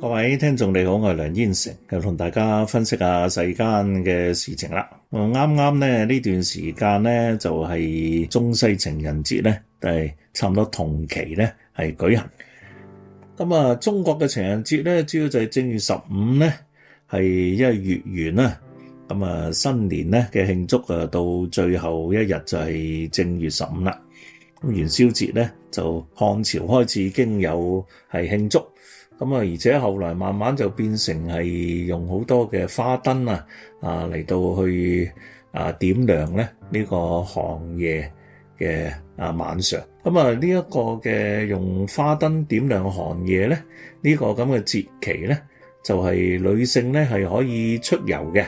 各位聽眾你好，我係梁燕成，又同大家分析下世間嘅事情啦。啱啱咧呢段時間呢，就係、是、中西情人節咧，係、就是、差唔多同期呢，係舉行。咁、嗯、啊，中國嘅情人節呢，主要就係正月十五呢係因為月圓啊。咁、嗯、啊，新年呢嘅慶祝啊，到最後一日就係正月十五啦。嗯、元宵節呢，就漢朝開始已經有係慶祝。咁啊！而且後來慢慢就變成係用好多嘅花燈啊，啊嚟到去，啊點亮咧呢個寒夜嘅啊晚上。咁啊，呢一個嘅用花燈點亮寒夜咧，呢個咁嘅節期咧，就係女性咧係可以出遊嘅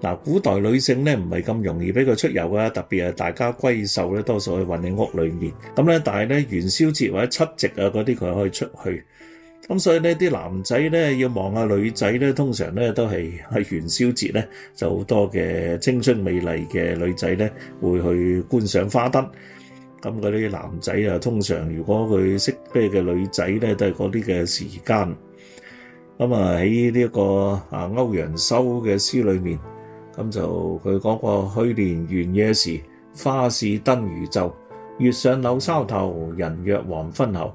嗱。古代女性咧唔係咁容易俾佢出遊啊，特別係大家閨秀咧，多數去混喺屋裏面咁咧。但係咧元宵節或者七夕啊，嗰啲，佢係可以出去。咁所以呢啲男仔咧要望下女仔咧，通常咧都係喺元宵節咧就好多嘅青春美麗嘅女仔咧會去觀賞花燈。咁嗰啲男仔啊，通常如果佢識咩嘅女仔咧，都係嗰啲嘅時間。咁啊喺呢個啊歐陽修嘅詩裏面，咁就佢講過去年元夜時，花市燈如晝，月上柳梢頭，人約黃昏後。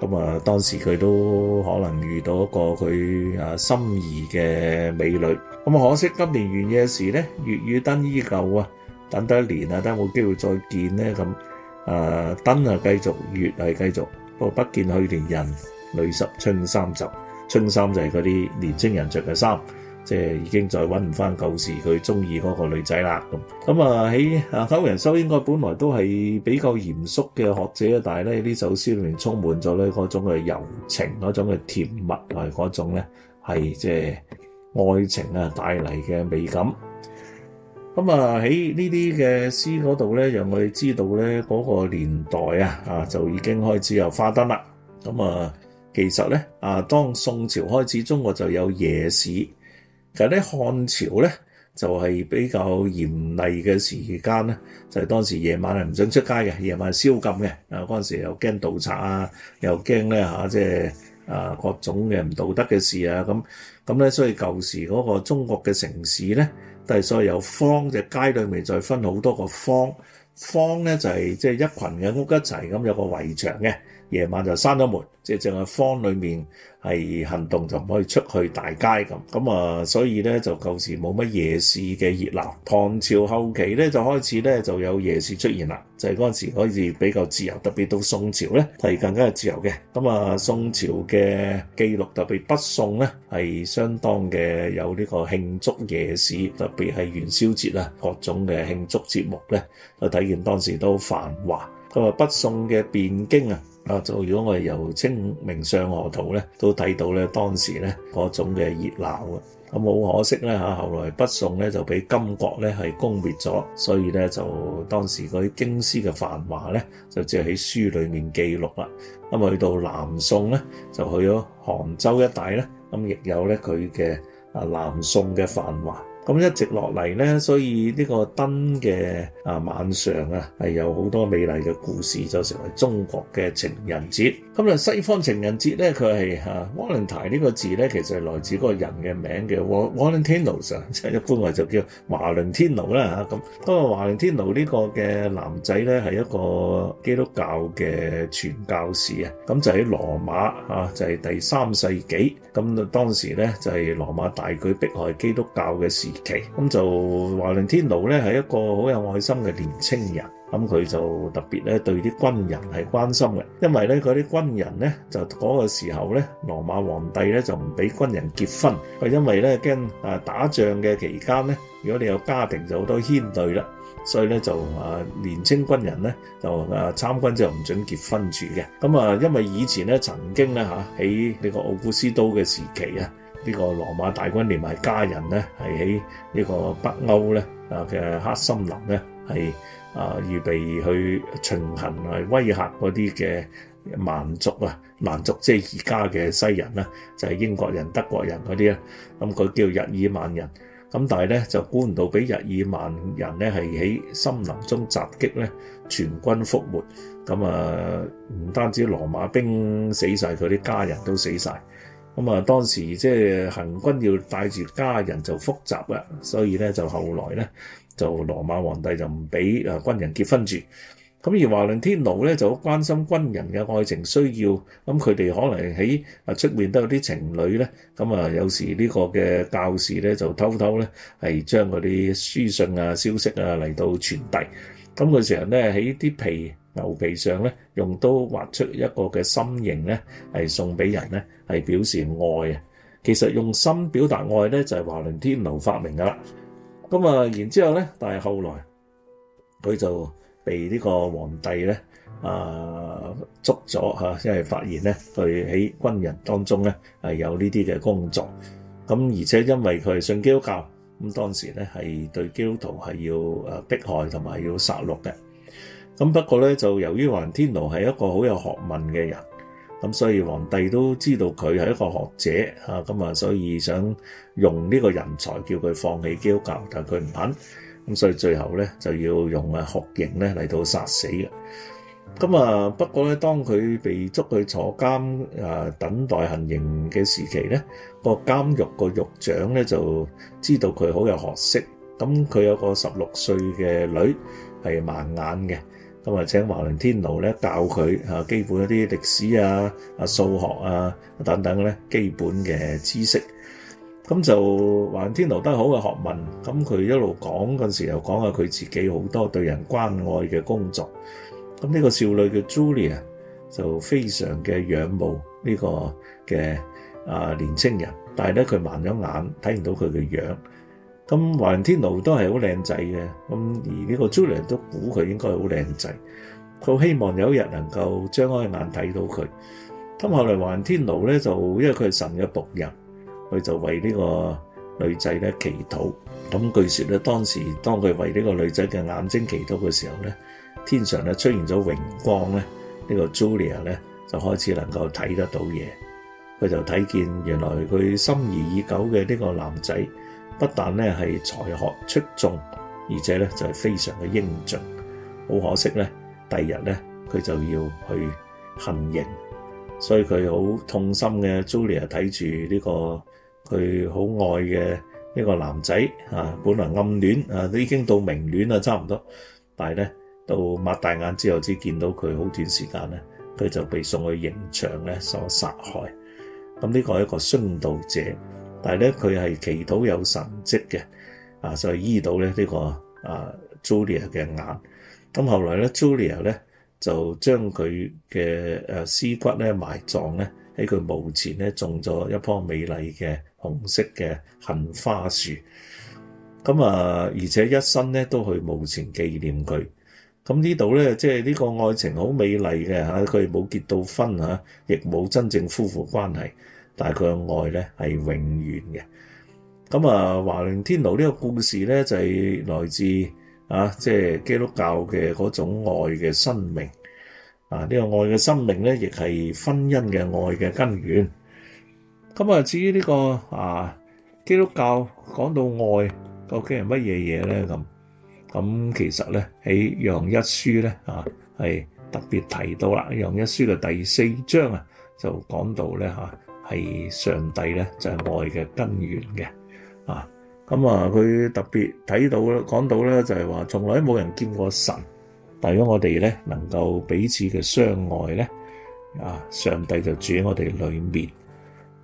咁啊，當時佢都可能遇到一個佢啊心儀嘅美女。咁啊，可惜今年元夜時咧，月與燈依舊啊，等多一年啊，等冇機會再見咧。咁啊，燈啊繼續，月係繼續，不過不見去年人，淚濕春衫袖。春衫就係嗰啲年青人著嘅衫。即係已經再揾唔翻舊時佢中意嗰個女仔啦。咁咁啊，喺歐陽修應該本來都係比較嚴肅嘅學者，但係咧呢這首詩裏面充滿咗咧嗰種嘅柔情，嗰種嘅甜蜜同埋嗰種咧係即係愛情啊帶嚟嘅美感。咁啊，喺呢啲嘅詩嗰度咧，讓我哋知道咧嗰、那個年代啊啊就已經開始有花燈啦。咁啊，其實咧啊，當宋朝開始，中國就有夜市。其實咧，漢朝咧就係、是、比較嚴厲嘅時間咧，就係、是、當時夜晚係唔準出街嘅，夜晚係宵禁嘅。啊，嗰陣時又驚盜賊啊，又驚咧嚇，即係啊各種嘅唔道德嘅事啊。咁咁咧，所以舊時嗰個中國嘅城市咧，都係所謂有坊嘅、就是、街裏面再分好多個坊，坊咧就係即係一群嘅屋一齊咁有個圍牆嘅。夜晚就閂咗門，即係淨係坊裏面係行動就唔可以出去大街咁。咁啊，所以咧就舊時冇乜夜市嘅熱鬧。唐朝後期咧就開始咧就有夜市出現啦，就係嗰時開始比較自由，特別到宋朝咧係更加自由嘅。咁啊，宋朝嘅記錄特別北宋咧係相當嘅有呢個慶祝夜市，特別係元宵節啊各種嘅慶祝節目咧，就睇見當時都繁華。佢話北宋嘅汴京啊，啊就如果我哋由清明上河圖呢都睇到咧當時咧嗰種嘅熱鬧啊。咁好可惜呢嚇，後來北宋呢就被金國呢係攻滅咗，所以呢，就當時嗰啲京師嘅繁華呢，就只喺書裏面記錄啦。咁去到南宋呢，就去咗杭州一帶咧，咁亦有呢，佢嘅啊南宋嘅繁華。咁一直落嚟咧，所以呢個燈嘅啊晚上啊係有好多美麗嘅故事，就成為中國嘅情人節。咁啊，西方情人節咧，佢係嚇，瓦倫泰呢個字咧，其實係來自嗰個人嘅名嘅瓦瓦倫天奴啊，即係一般話就叫華倫天奴啦嚇。咁嗰個華倫天奴個呢個嘅男仔咧，係一個基督教嘅傳教士啊。咁就喺羅馬啊，就係、是、第三世紀，咁當時咧就係、是、羅馬大舉迫害基督教嘅時。咁、okay. 就華倫天奴咧，係一個好有愛心嘅年青人，咁佢就特別咧對啲軍人係關心嘅，因為咧嗰啲軍人咧就嗰個時候咧羅馬皇帝咧就唔俾軍人結婚，係因為咧驚啊打仗嘅期間咧，如果你有家庭就好多牽累啦，所以咧就啊年青軍人咧就啊參軍就唔準結婚住嘅，咁啊因為以前咧曾經咧喺呢、啊、個奧古斯都嘅時期啊。呢個羅馬大軍連埋家人咧，係喺呢個北歐咧啊嘅黑森林咧，係啊預備去巡行啊威嚇嗰啲嘅蠻族啊，蠻族即係而家嘅西人啦，就係英國人、德國人嗰啲啊。咁佢叫日耳曼人，咁但係咧就估唔到俾日耳曼人咧係喺森林中襲擊咧，全軍覆沒。咁啊，唔單止羅馬兵死晒，佢啲家人都死晒。咁啊，當時即係行軍要帶住家人就複雜啦，所以咧就後來咧就羅馬皇帝就唔俾啊軍人結婚住。咁而華倫天奴咧就好關心軍人嘅愛情需要，咁佢哋可能喺啊出面都有啲情侶咧，咁啊有時呢個嘅教士咧就偷偷咧係將嗰啲書信啊、消息啊嚟到傳遞。咁佢成日咧喺啲皮牛皮上咧，用刀劃出一個嘅心形咧，係送俾人咧，係表示愛啊。其實用心表達愛咧，就係華倫天奴發明噶啦。咁啊，然之後咧，但係後來佢就被呢個皇帝咧啊捉咗吓，因為發現咧佢喺軍人當中咧係有呢啲嘅工作。咁而且因為佢係信基督教，咁當時咧係對基督徒係要誒迫害同埋要殺戮嘅。咁不過咧，就由於華倫天奴係一個好有學問嘅人，咁所以皇帝都知道佢係一個學者咁啊，所以想用呢個人才叫佢放棄基督教，但佢唔肯，咁所以最後咧就要用啊酷刑咧嚟到殺死嘅。咁啊，不過咧，當佢被捉去坐監啊，等待行刑嘅時期咧，個監獄個獄長咧就知道佢好有學識，咁佢有個十六歲嘅女係盲眼嘅。咁啊，就請華倫天奴咧教佢吓基本一啲歷史啊、啊數學啊等等咧，基本嘅知識。咁就華倫天奴都係好嘅學問，咁佢一路講嗰陣時候又講下佢自己好多對人關愛嘅工作。咁呢個少女嘅 Julia 就非常嘅仰慕呢個嘅啊年青人，但係咧佢盲咗眼，睇唔到佢嘅樣。咁華天奴都係好靚仔嘅，咁而呢個 Julia 都估佢應該好靚仔，佢希望有一日能夠張開眼睇到佢。咁後來華天奴咧就因為佢係神嘅僕人，佢就為呢個女仔咧祈禱。咁據說咧當時當佢為呢個女仔嘅眼睛祈禱嘅時候咧，天上咧出現咗榮光咧，呢、這個 Julia 咧就開始能夠睇得到嘢，佢就睇見原來佢心儀已久嘅呢個男仔。不但咧係才學出眾，而且呢就係非常嘅英俊。好可惜呢，第二日呢，佢就要去行刑，所以佢好痛心嘅。Julia 睇住呢個佢好愛嘅呢個男仔啊，本來暗戀啊，已經到明戀啊，差唔多，但係呢到擘大眼之後，只見到佢好短時間呢，佢就被送去刑場呢，所殺害。咁、嗯、呢、這個係一個殉道者。但係咧，佢係祈禱有神蹟嘅，所以醫到咧呢個啊 Julia 嘅眼。咁後來咧，Julia 咧就將佢嘅誒屍骨咧埋葬咧喺佢墓前咧種咗一棵美麗嘅紅色嘅杏花樹。咁啊，而且一生咧都去墓前紀念佢。咁呢度咧，即係呢個愛情好美麗嘅嚇，佢、啊、冇結到婚啊，亦冇真正夫婦關係。但佢嘅愛咧係永遠嘅咁啊，《華倫天奴》呢個故事咧就係來自啊，即係基督教嘅嗰種愛嘅生命啊。呢個愛嘅生命咧，亦係婚姻嘅愛嘅根源。咁啊，至於呢個啊，基督教講到愛究竟係乜嘢嘢咧？咁咁其實咧喺《楊一書》咧啊，係特別提到啦，《楊一書》嘅第四章啊，就講到咧嚇。係上帝咧，就係、是、愛嘅根源嘅啊。咁啊，佢特別睇到咧，講到咧就係話，從來冇人見過神。但如果我哋咧能夠彼此嘅相愛咧啊，上帝就住喺我哋裏面，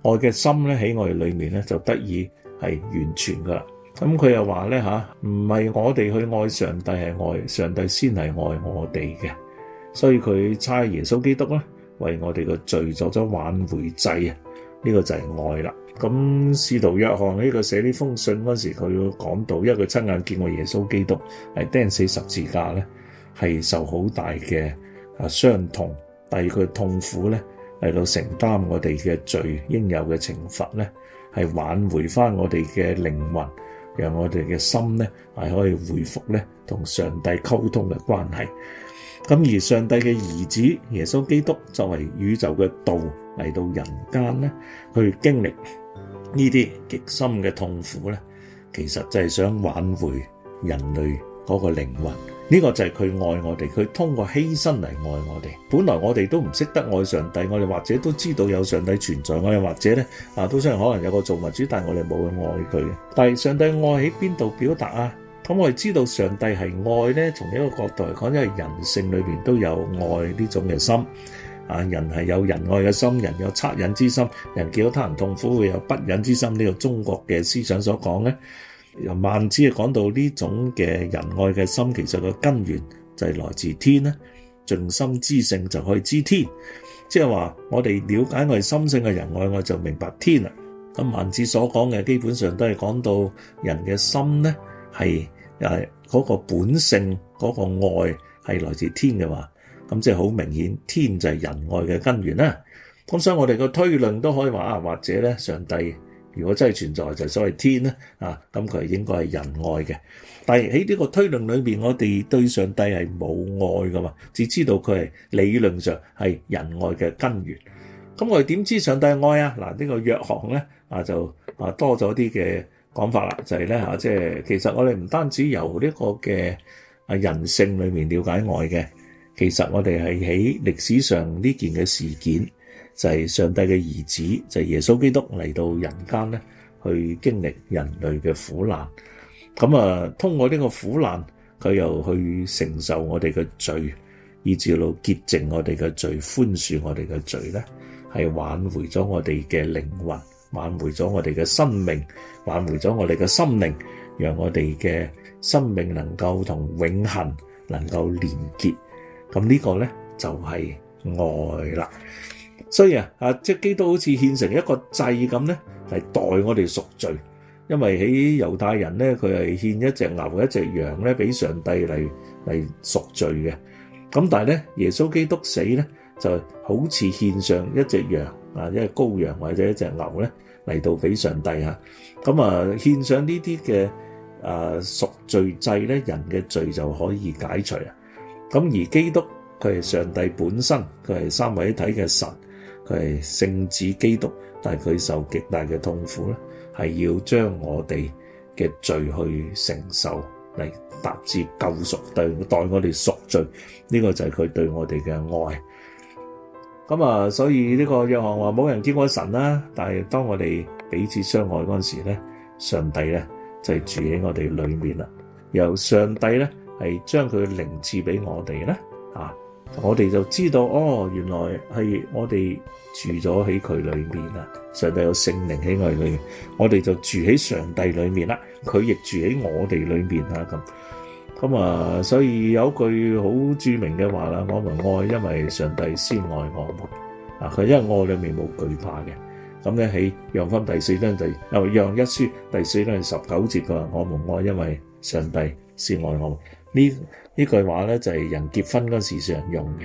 愛嘅心咧喺我哋裏面咧就得以係完全噶。咁佢又話咧吓，唔係我哋去愛上帝，係愛上帝，先係愛我哋嘅。所以佢差耶穌基督咧為我哋嘅罪作咗挽回祭啊。呢個就係愛啦。咁使徒約翰呢個寫呢封信嗰時，佢講到，因為佢親眼見過耶穌基督係釘死十字架呢，係受好大嘅啊傷痛。第二個痛苦呢係到承擔我哋嘅罪應有嘅懲罰，呢係挽回翻我哋嘅靈魂，讓我哋嘅心呢係可以回復呢同上帝溝通嘅關係。咁而上帝嘅兒子耶穌基督作為宇宙嘅道，嚟到人間咧，去經歷呢啲極深嘅痛苦咧，其實就係想挽回人類嗰個靈魂。呢個就係佢愛我哋，佢通過犧牲嚟愛我哋。本來我哋都唔識得愛上帝，我哋或者都知道有上帝存在，我哋或者咧啊，都雖然可能有個造物主，但係我哋冇去愛佢嘅。但係上帝愛喺邊度表達啊？咁我哋知道上帝係愛咧，從一個角度嚟講，因為人性裏邊都有愛呢種嘅心。啊！人係有仁愛嘅心，人有惻隱之心，人見到他人痛苦會有不忍之心。呢個中國嘅思想所講咧，由孟子講到呢種嘅仁愛嘅心，其實個根源就係來自天咧。盡心知性就可以知天，即係話我哋了解我哋心性嘅仁愛，我就明白天啊。咁孟子所講嘅基本上都係講到人嘅心咧，係又係嗰個本性嗰個愛係來自天嘅話。咁即係好明顯，天就係仁愛嘅根源啦。咁所以我哋個推論都可以話啊，或者咧上帝如果真係存在，就係所謂天咧啊，咁佢應該係仁愛嘅。但係喺呢個推論裏面，我哋對上帝係冇愛噶嘛，只知道佢係理論上係仁愛嘅根源。咁我哋點知上帝愛啊？嗱、這個、呢個約翰咧啊，就啊多咗啲嘅講法啦，就係咧即係其實我哋唔單止由呢個嘅啊人性裏面了解愛嘅。其實我哋係喺歷史上呢件嘅事件，就係上帝嘅兒子，就係耶穌基督嚟到人間呢去經歷人類嘅苦難。咁啊，通過呢個苦難，佢又去承受我哋嘅罪，以致到潔淨我哋嘅罪，寬恕我哋嘅罪呢，係挽回咗我哋嘅靈魂，挽回咗我哋嘅生命，挽回咗我哋嘅心靈，讓我哋嘅生命能夠同永恆能夠連結。咁呢個咧就係愛啦，所以啊啊，即係基督好似獻成一個祭咁咧，嚟代我哋贖罪。因為喺猶太人咧，佢係獻一隻牛、一隻羊咧，俾上帝嚟嚟贖罪嘅。咁但係咧，耶穌基督死咧，就係好似獻上一隻羊啊，一隻羔羊或者一隻牛咧嚟到俾上帝嚇。咁啊，獻上呢啲嘅啊贖罪祭咧，人嘅罪就可以解除啊。咁而基督佢係上帝本身，佢係三位一體嘅神，佢係聖子基督，但係佢受極大嘅痛苦咧，係要將我哋嘅罪去承受，嚟達至救贖，代我哋贖罪，呢個就係佢對我哋嘅愛。咁啊，所以呢個約翰話冇人見過神啦，但係當我哋彼此相愛嗰陣時咧，上帝咧就住喺我哋裏面啦，由上帝咧。係將佢嘅靈賜俾我哋咧，啊，我哋就知道哦，原來係我哋住咗喺佢裏面啊，上帝有聖靈喺我哋裏面，我哋就住喺上帝裏面啦，佢亦住喺我哋裏面啊，咁咁啊，所以有句好著名嘅話啦，我們愛，因為上帝先愛我們，嗱，佢因為愛裏面冇懼怕嘅，咁咧喺約翰福音第四章就約翰一書第四章十九節嘅，我們愛，因為上帝先愛我們。呢呢句話咧就係人結婚嗰時常用嘅，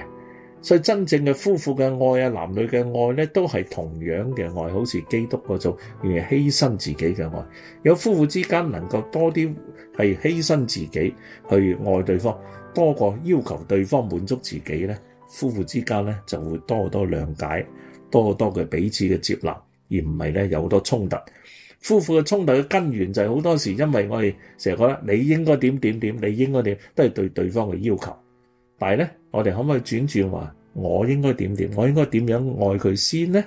所以真正嘅夫婦嘅愛啊，男女嘅愛咧都係同樣嘅愛，好似基督嗰種願意犧牲自己嘅愛。有夫婦之間能夠多啲係犧牲自己去愛對方，多過要求對方滿足自己咧，夫婦之間咧就會多多諒解，多多嘅彼此嘅接納，而唔係咧有好多衝突。夫婦嘅衝突嘅根源就係好多時，因為我哋成日覺得你應該點點點，你應該點，都係對對方嘅要求。但係呢，我哋可唔可以轉轉話？我應該點點？我應該點樣愛佢先呢？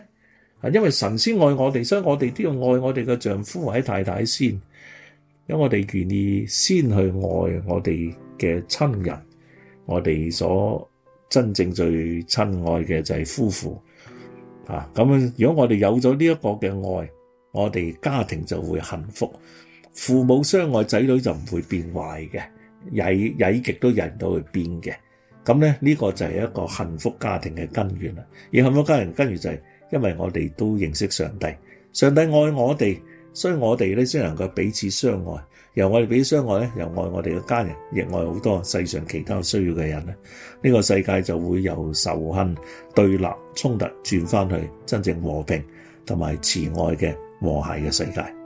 因為神先愛我哋，所以我哋都要愛我哋嘅丈夫或者太太先。因為我哋願意先去愛我哋嘅親人，我哋所真正最親愛嘅就係夫婦。啊，如果我哋有咗呢一個嘅愛。我哋家庭就會幸福，父母相愛，仔女就唔會變壞嘅。曳曳極都人都會變嘅。咁咧呢個就係一個幸福家庭嘅根源啦。而幸福家庭根源就係因為我哋都認識上帝，上帝愛我哋，所以我哋咧先能夠彼此相愛。由我哋彼此相愛咧，又愛我哋嘅家人，亦愛好多世上其他需要嘅人咧。呢個世界就會由仇恨、對立、衝突轉翻去真正和平同埋慈愛嘅和諧嘅世界。